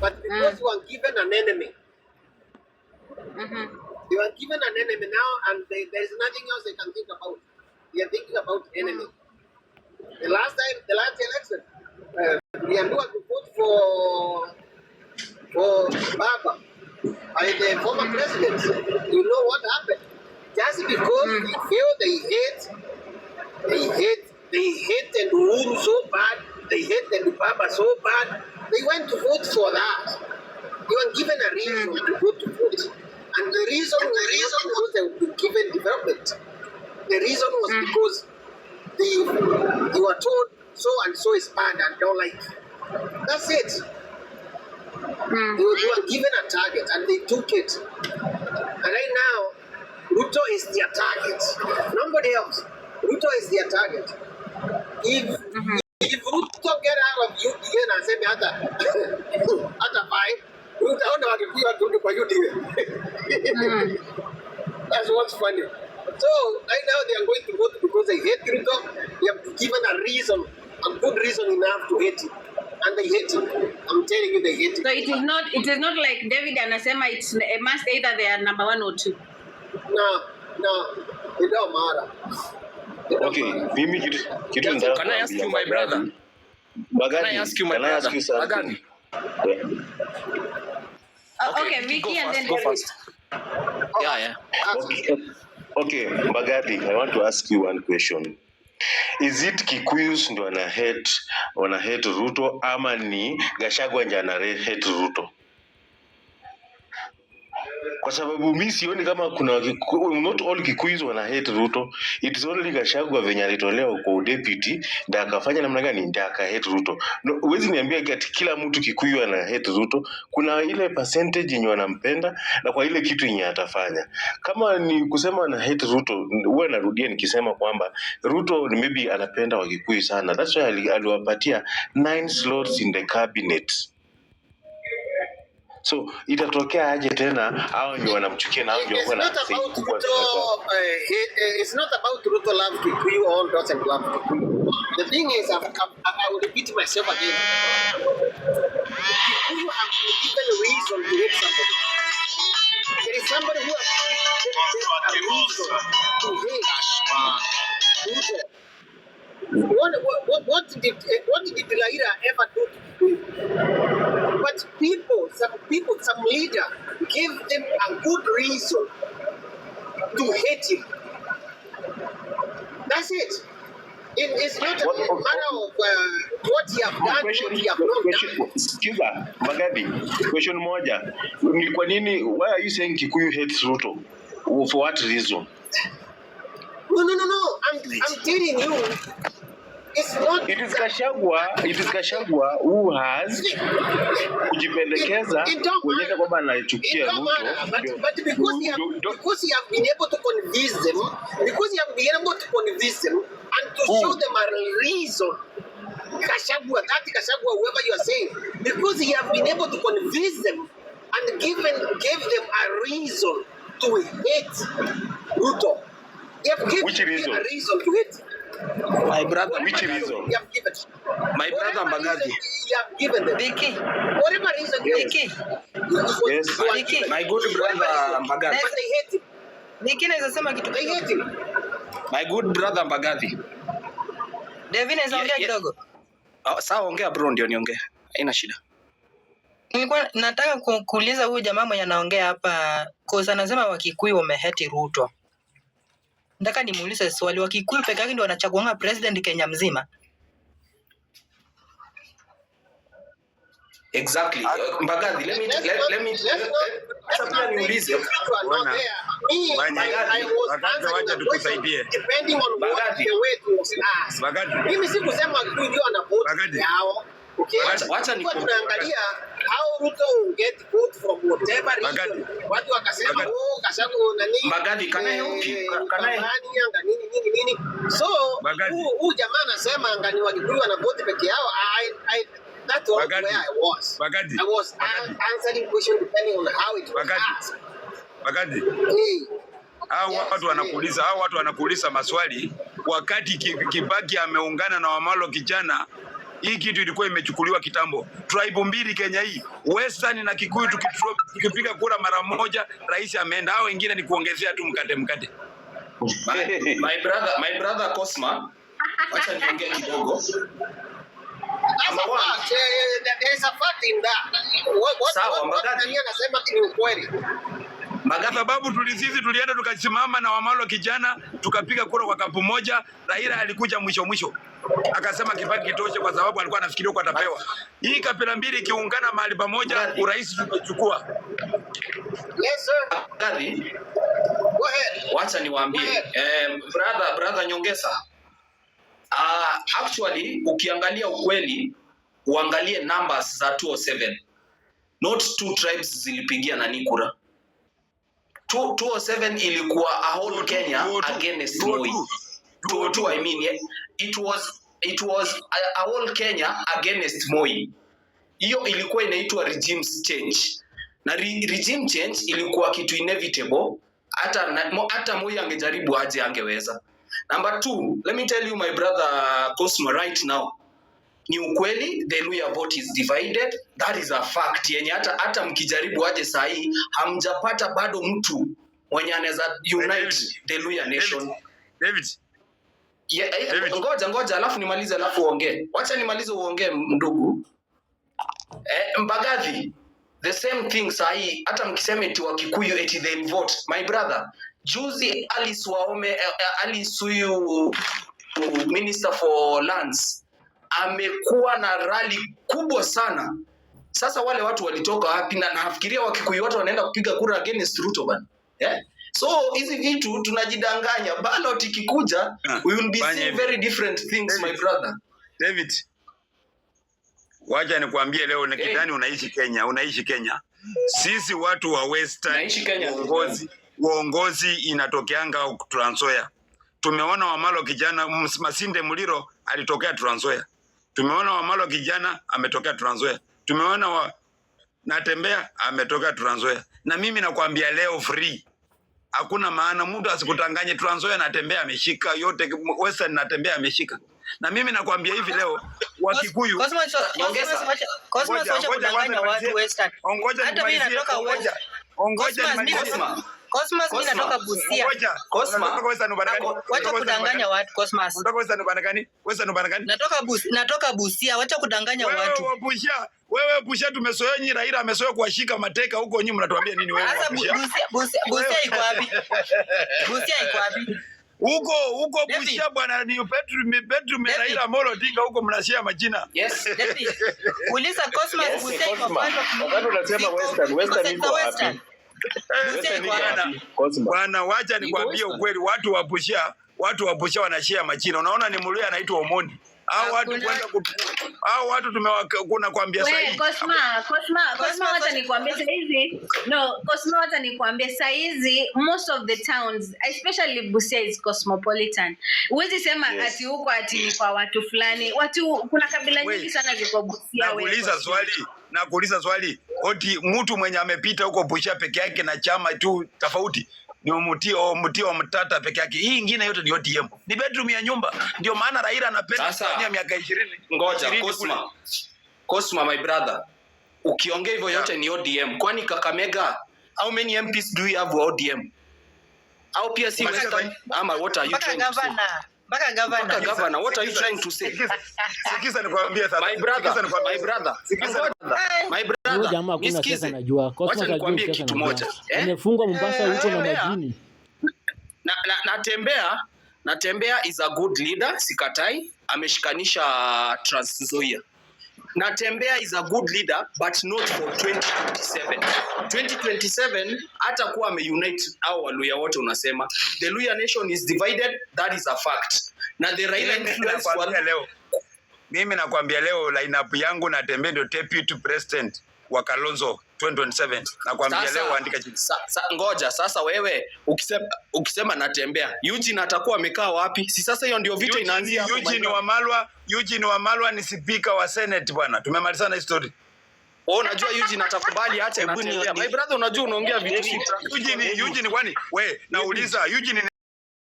But because mm. you are given an enemy, mm-hmm. you are given an enemy now, and they, there is nothing else they can think about. They are thinking about enemy. Mm. The last time, the last election, uh, to vote for for Baba by the former mm. president. You know what happened? Just because mm. they feel they hate, they hate, they hate and rule so bad, they hate and Baba so bad. They went to vote for that. They were given a reason to go to vote. And the reason, the reason was they were given development. The reason was mm. because they, they were told so and so is bad and they are like. That's it. Mm. They were given a target and they took it. And right now, Ruto is their target. Nobody else. Ruto is their target. If mm-hmm. the hate. I'm telling you the hate. So it is not it is not like David anasema it's a must either they are number one or two. No, no, it don't matter. It don't Okay, matter. mimi kitu kitu Can I ask you, my brother? Can I ask you, my brother? Bagani. Uh, okay, Vicky go and then go David. first. Yeah, yeah. Okay, okay, Bagadi. I want to ask you one question. Is it Kikuyus ndio wana hate, wana hate Ruto ama ni Gashagwa ndio ana hate Ruto? kwa sababu mi sioni kama kuna not all Kikuyu wana hate Ruto. it is only Gachagua venye alitolewa kwa udeputy ndio akafanya namna gani, ndio aka hate Ruto. No, uwezi niambia kati kila mtu Kikuyu ana hate Ruto. Kuna ile percentage yenye wanampenda na kwa ile kitu yenye atafanya. Kama ni kusema ana hate Ruto, huwa narudia nikisema kwamba Ruto maybe anapenda Wakikuyu sana, that's why aliwapatia nine slots in the cabinet So itatokea aje tena, hao ndio wanamchukia na hao ndio wako na It's not eh, eh, about Ruto love all dots and love Kikuyu. The thing is, I've, I've, I will repeat myself again. Kikuyu have reason to hate somebody. There is somebody who has a reason to hate Ruto what, what, what, did what did Laira ever do to people? But people, some people, some leader gave them a good reason to hate him. That's it. It is not what, a matter of uh, what he have done, question, what he have not question, done. Sikiza, Magabi, question moja. Ni kwa nini, why are you saying Kikuyu hates Ruto? For what reason? No, no, no, no. I'm, I'm telling you, It is Kashagwa, it is Kashagwa who has kujipendekeza kuonyesha kwamba anachukia Ruto. Because he have been able to convince them, because he have been able to convince them and to show them a reason Kashagwa, that Kashagwa, whoever you are saying, because he have been able to convince them and given gave them a reason to hate Ruto. They have given Which reason? a reason to hate My brother, which reason? You have given. My brother Mbagazi. You have given them. Diki. Whatever reason. Yes. Diki. Yes. My, Diki. My good brother Mbagazi. But they hate him. Diki naweza sema kitu. They hate him. My good brother Mbagazi. Devin naweza ongea kidogo. Oh, sawa, ongea bro, ndio niongee. Haina shida. Nilikuwa nataka kuuliza huyu jamaa mwenye anaongea hapa, kwa sababu anasema Wakikuyu wameheti Ruto. Nataka nimuulize swali, Wakikuyu Kikuyu peke yake ndio wanachaguanga president Kenya mzima? Exactly. Ah, Mbagathi, let me let me pia niulize. Wacha tukusaidie. Depending on what the way to us. Mimi sikusema tu ndio anapotea yao tunaangalia how Ruto get vote from whatever region. Watu wakasema oh, Kashago nani? Magadi kana yupi? Kana nini nini nini. So jamaa anasema Wakikuyu wana vote peke yao. I I that's I was. Magadi. I was answering question depending on how it was Magadi. Hao watu wanakuuliza, hao watu wanakuuliza maswali wakati Kibaki ameungana na Wamalo kijana hii kitu ilikuwa imechukuliwa kitambo. Tribe mbili Kenya hii, Western na Kikuyu, tukipiga kura mara moja rais ameenda. Hao wengine ni kuongezea tu mkate mkate. My, my brother, my brother Cosma, acha niongee kidogo. Eh, eh, Sawa, kwa sababu tuli tulienda tukasimama na Wamalo kijana tukapiga kura kwa kapu moja. Raila alikuja mwisho mwisho akasema Kibaki kitoshe, kwa sababu alikuwa anafikiria kwa atapewa. Hii kapila mbili ikiungana mahali pamoja, urais tutachukua. Yes sir. Gari. Go ahead. Wacha niwaambie. Eh, brother, brother Nyongesa. Uh, actually ukiangalia ukweli uangalie numbers za 207. Not two tribes zilipigia nani kura 207 ilikuwa a whole Kenya against Moi. 202 I mean, it was it was a whole Kenya against Moi. Hiyo ilikuwa inaitwa regime change. Na regime change ilikuwa kitu inevitable hata hata Moi angejaribu aje angeweza. Number 2, let me tell you my brother Cosmo right now ni ukweli, the Luhya vote is divided, that is a fact yenye hata hata mkijaribu aje saa hii hamjapata bado mtu mwenye anaweza unite the Luhya nation. David, yeah, David. Ngoja ngoja, alafu nimalize, alafu uongee. Wacha nimalize uongee, ndugu eh, Mbagathi the same thing sahi, hata mkisema eti wa Kikuyu eti they vote. My brother, juzi Alice Waome, eh, eh, Alice huyu minister for lands amekuwa na rali kubwa sana. Sasa wale watu walitoka wapi? Na nafikiria wakikuyu watu wanaenda kupiga kura against Ruto bana, yeah? So hizi vitu tunajidanganya, ballot ikikuja, ah, we will be seeing very different things David. my brother David. Wacha nikwambie leo ni kidani, unaishi Kenya, unaishi Kenya. Sisi watu wa Western uongozi, uongozi inatokeanga Trans Nzoia. Tumeona Wamalo kijana Masinde Muliro alitokea Trans Nzoia. Tumeona Wamalo kijana ametokea Trans Nzoia, tumeona wa Natembea ametokea Trans Nzoia. Na mimi nakwambia leo free, hakuna maana mtu asikutanganye. Trans Nzoia Natembea ameshika yote, Western Natembea ameshika na mimi nakwambia hivi leo Wakikuyu, ongoja Cosmas mimi natoka Busia. Cosmas, Wacha kudanganya watu Cosmas. Unataka wesa nubana gani? Wewe nubana gani? Natoka Busia, natoka Busia. Wacha kudanganya watu. Wewe Busia, wewe Busia tumesoea nyira Raila amesoea kuwashika mateka huko nyinyi mnatuambia nini wewe? Sasa Busia, Busia, Busia iko wapi? Busia iko wapi? Huko huko Busia bwana ni Petro Petro Raila Amolo Odinga huko mnashia majina. Yes. Uliza Cosmas Busia iko wapi? Wakati unasema Western, Western iko wapi? Eh, bwana, wacha nikwambie ukweli, watu wa Busia, watu wa Busia wanashia majina. Unaona ni mlio anaitwa Omoni au watu kwenda au watu tumewakuna kwambia sasa hivi. Cosma, Cosma, Cosma wacha nikwambie sasa hivi. No, Cosma wacha nikwambie sasa hivi most of the towns especially Busia is cosmopolitan. Huwezi sema yes, ati huko ati ni kwa watu fulani. Watu kuna kabila nyingi sana ziko Busia wewe. Nauliza swali na kuuliza swali oti mtu mwenye amepita huko Busia peke yake na chama tu tofauti ni mti mti wa mtata peke yake. Hii ingine yote ni ODM, ni bedroom ya nyumba. Ndio maana Raila anapenda kufanya miaka 20. Ngoja Cosma, Cosma my brother, ukiongea hivyo yote ni ODM. Kwani Kakamega, how many MPs do you have ODM? Au pia si ama what are you trying to say? Baka governor. what are you trying to say? Sikiza nikwambie sasa. My brother, my brother. Sikiza my brother. Jamaa najua. kitu eh? Amefungwa Mombasa huko na majini. Na natembea, natembea is a good leader, sikatai. Ameshikanisha Trans Nzoia natembea is a good leader but not for 2027. 2027 hata kuwa ameunite au Waluya wote, unasema the Luya nation is divided, that is a fact. Na the Raila influence leo, mimi nakwambia leo lineup yangu Natembea ndio deputy president wa Kalonzo 2027 na kuambia leo andika chini. Sa, sa, ngoja sasa wewe ukisema, ukisema natembea Eugene atakuwa amekaa wapi? Si sasa hiyo ndio vita inaanzia. Eugene Wamalwa, Eugene Wamalwa ni spika wa Senate bwana. tumemaliza na history. wewe unajua Eugene atakubali acha natembea. My brother, unajua unaongea vitu. Eugene, Eugene kwani wewe nauliza Eugene